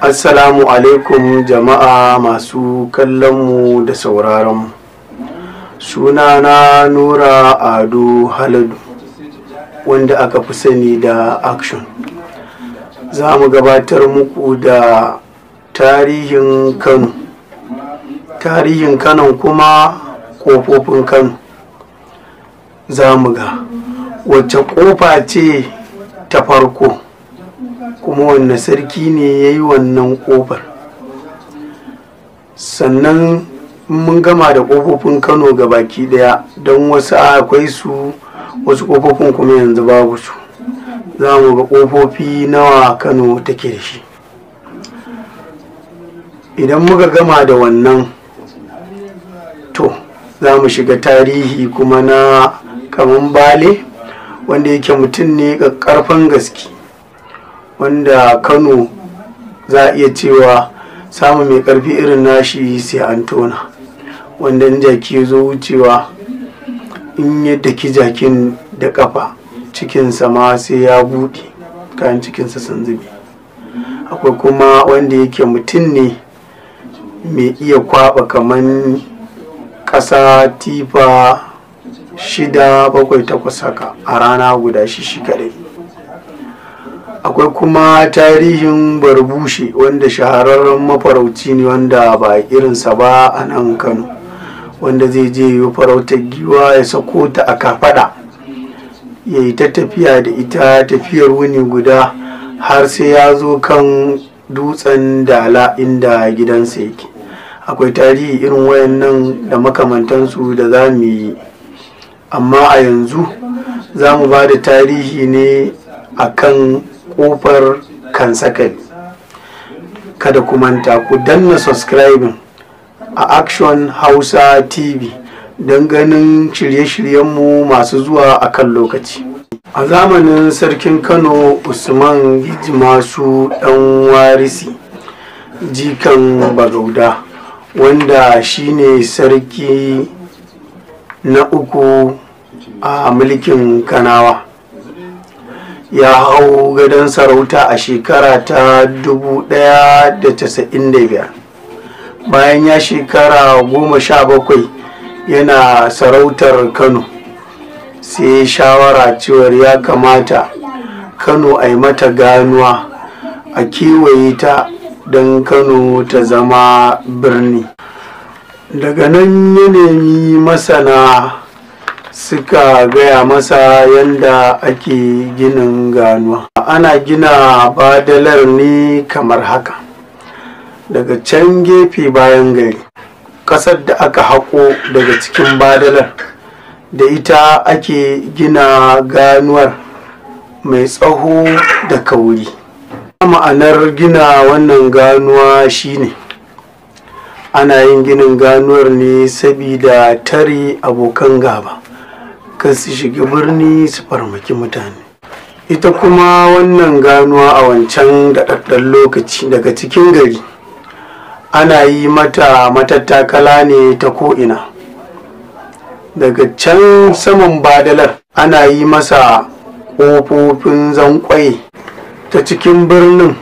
assalamu alaikum jama'a masu kallonmu da sauraron sauraronmu sunana nura ado haladu wanda aka fi sani da action za mu gabatar muku da tarihin kano tarihin kano kuma kofofin kano za mu ga wacce kofa ce ta farko kuma wanne sarki ne ya yi wannan ƙofar sannan mun gama da ƙofofin kano ga baki ɗaya don wasu akwai su wasu ƙofofin kuma yanzu babu su za mu ga ƙofofi nawa kano take da shi idan muka gama da wannan to za mu shiga tarihi kuma na kaman bale wanda yake mutum ne ga ƙaƙƙarfan gaske wanda kano za a iya cewa samun mai karfi irin nashi sai an tona wanda in jaki ya zo wucewa in ya daki jakin da kafa cikinsa ma sai ya buɗe kayan cikinsa sun zube akwai kuma wanda yake mutum ne mai iya kwaba kaman ƙasa tifa shida bakwai takwas haka a rana guda shi shi kadai akwai kuma tarihin barbushe wanda shahararren mafarauci ne wanda ba irinsa ba a nan kano wanda zai je yi farautar giwa ya sako ta a kafada ya yi ta tafiya da ita tafiyar wuni guda har sai ya zo kan dutsen dala inda gidansa yake akwai tarihi irin wayannan da makamantansu da za mu yi amma a yanzu za mu ba da tarihi ne a akan kofar kansakai kada ku manta ku danna subscribing a action hausa tv don ganin shirye-shiryenmu masu zuwa a kan lokaci a zamanin sarkin kano usman masu dan warisi jikan bagauda wanda shi ne sarki na uku a mulkin kanawa ya hau gadon sarauta a shekara ta biyar, bayan ya shekara 17 yana sarautar kano sai shawara cewar ya kamata kano a mata ganuwa a kewaye ta don kano ta zama birni daga nan ya masana suka gaya masa yadda ake ginin ganuwa ana gina badalar ne kamar haka daga can gefe bayan gari ƙasar da aka haƙo daga cikin badalar da ita ake gina ganuwar mai tsaho da kauri ma'anar gina wannan ganuwa shine ana yin ginin ganuwar ne sabida tare abokan gaba kan su shiga birni su farmaki mutane ita kuma wannan ganuwa a wancan daɗaɗɗen lokaci daga cikin gari ana yi mata matattakala ne ta ko'ina daga can saman badalar ana yi masa ƙofofin zankwai ta cikin birnin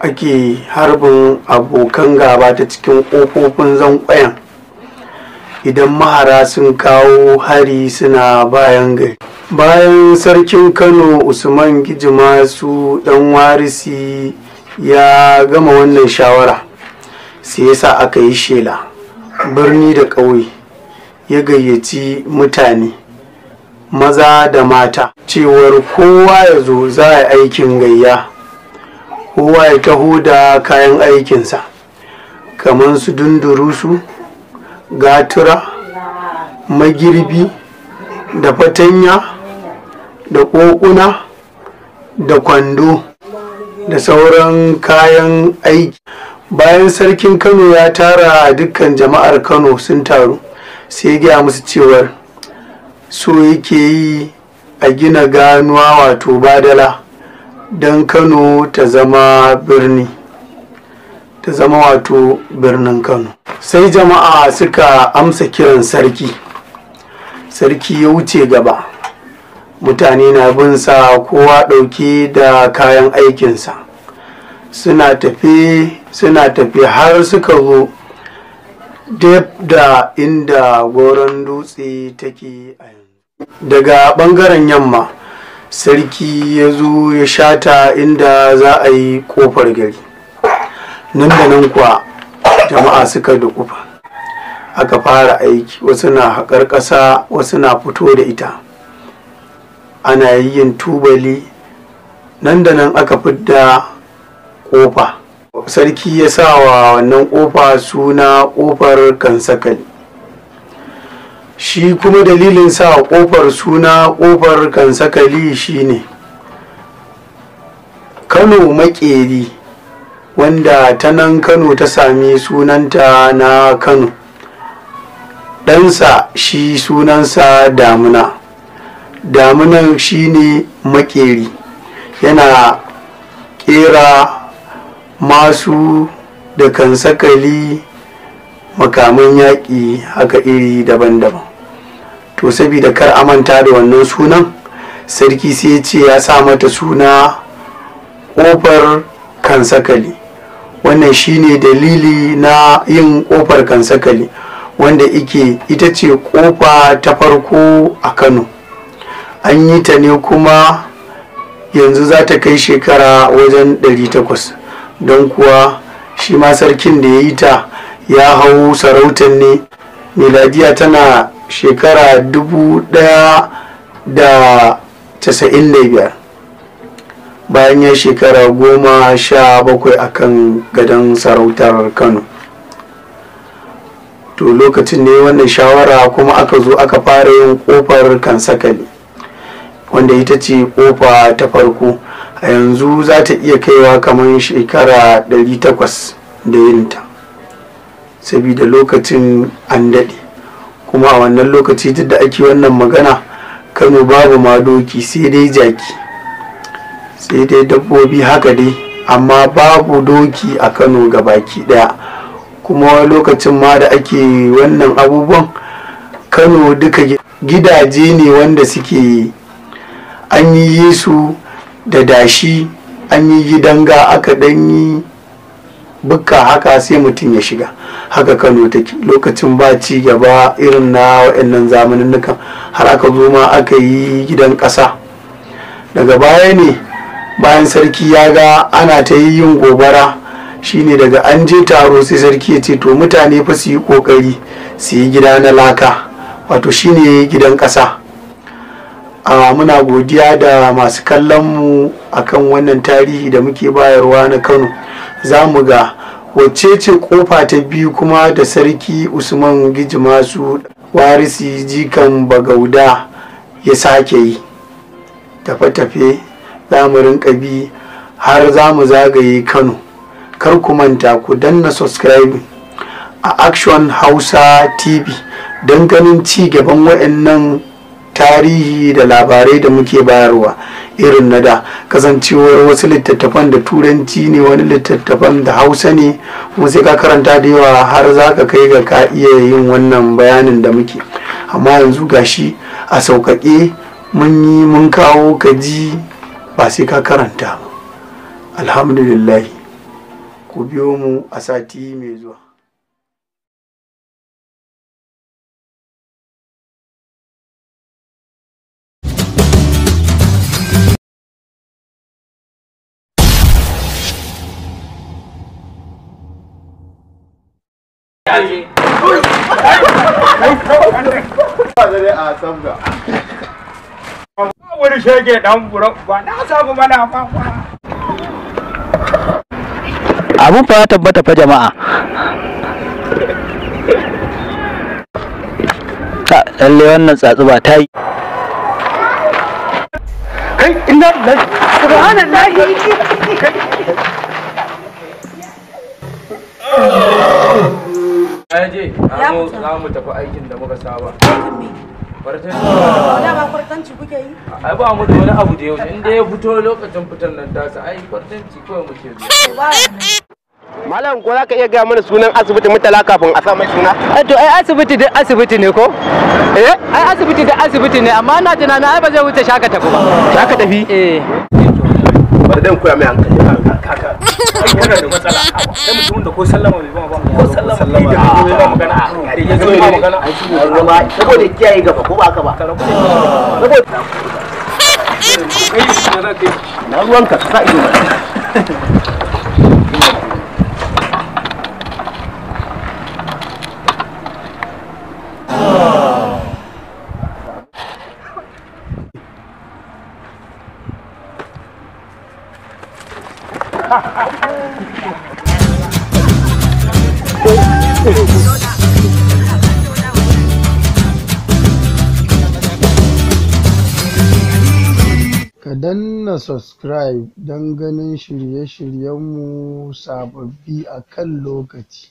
ake harbin abokan gaba ta cikin ƙofofin zankwayan idan mahara sun kawo hari suna bayan gari bayan sarkin kano usman gijima su dan warisi ya gama wannan shawara sai yasa aka yi shela birni da ƙauye ya gayyaci mutane maza da mata cewar kowa ya zo za a aikin gayya kowa ya taho da kayan aikinsa kamar su dundurusu gatura magirbi da fatanya da ƙoƙuna da kwando da sauran kayan aiki bayan sarkin kano ya tara dukkan jama'ar kano sun taru sai ya gaya musu cewar so yake yi a gina ganuwa wato badala don kano ta zama birni ta zama wato birnin kano sai jama'a suka amsa kiran sarki sarki ya wuce gaba mutane na bin sa kowa ɗauke da kayan aikinsa suna tafi suna tafi har suka zo da inda goron dutse take a yanzu daga ɓangaren yamma sarki ya zo ya shata inda za a yi ƙofar gari nan da nan kuwa jama'a suka dukufa aka fara aiki wasu na haƙar ƙasa wasu na fito da ita ana yin tubali nan da nan aka fidda ƙofa sarki ya sa wa wannan ƙofa suna ƙofar kansakali shi kuma dalilin sa ƙofar suna ƙofar kansakali shine kano maƙeri wanda ta nan kano ta sami sunanta na kano ɗansa shi sunansa damuna damunan shi ne makeri yana ƙera masu da kan kansakali makaman yaƙi haka iri daban-daban to saboda kar amanta da wannan sunan sarki sai ce ya sa mata suna ƙofar kansakali wannan shine dalili na yin kofar kansakali wanda ike ita ce kofa ta farko a kano an yi ta ne kuma yanzu za ta kai shekara wajen 800 don kuwa shi ma sarkin da ya yi ta ya hau sarautar ne miladiya tana shekara 1095 bayan ya shekara goma sha bakwai a kan gadon sarautar kano to lokacin ne wannan shawara kuma aka zo aka fara yin kofar kansakali wanda ita ce kofa ta farko a yanzu za ta iya kaiwa kamar shekara 800 da yinta sabida lokacin an daɗe kuma a wannan lokaci duk da ake wannan magana kano babu madoki sai dai jaki sai dai dabbobi haka dai amma babu doki a kano ga baki daya kuma lokacin ma da ake wannan abubuwan kano duka gidaje ne wanda suke an yi Yesu da dashi an yi gidanga aka yi bukka haka sai mutum ya shiga haka kano take lokacin ba ci gaba irin na waɗannan zamanin har aka zo ma aka yi gidan ƙasa daga baya ne bayan sarki ya ga ana ta yi yin gobara shine daga an je taro sai sarki ya ce to mutane fa su yi kokari su yi gida na laka wato shine gidan ƙasa muna godiya da masu kallon mu akan wannan tarihi da muke bayarwa na kano za mu ga wacce ce kofa ta biyu kuma da sarki usman giji masu warisi jikan bagauda ya sake yi tafe-tafe lamarin mu har za mu zagaye kano kar ku manta ku danna subscribe a action hausa tv don ganin ci gaban waɗannan tarihi da labarai da muke bayarwa irin na da kasancewar wasu littattafan da turanci ne wani littattafan da hausa ne kuma sai ka karanta da yawa har za ka kai ga ka iya yin wannan bayanin da muke amma yanzu gashi a sauƙaƙe mun yi mun kawo kaji. ba sai ka karanta ba alhamdulillahi ku biyo mu a sati mai zuwa a wani shege dan buro ba na samu mana fafa abun fa tabbata fa jama'a ta lalle wannan tsatsuba ta yi kai inda lillahi subhanallahi kai je za mu tafi aikin da muka saba Ah. dama kwartanci kuke yi ai ba mu da wani abu da yau inda ya fito lokacin fitar nan tasa ai kwartanci kawai muke zuwa Malam ko zaka iya gaya mana sunan asibiti mutala kafin a sa mai suna? Eh, to ai asibiti duk asibiti ne ko? Eh? Ai asibiti duk asibiti ne amma na tunanin ai ba zai wuce shaka tafi ba. Shaka tafi? Eh. bari dan koya mai hankali kaka yana da matsala kai mutum da ko sallama bai ba ko sallama bai ba magana a kare ya zo ba magana a shi ne ruwa saboda kiyaye gaba ko ba haka ba saboda ka yi ruwanka ka sa ido Ka danna subscribe don ganin shirye-shiryenmu sababbi a kan lokaci.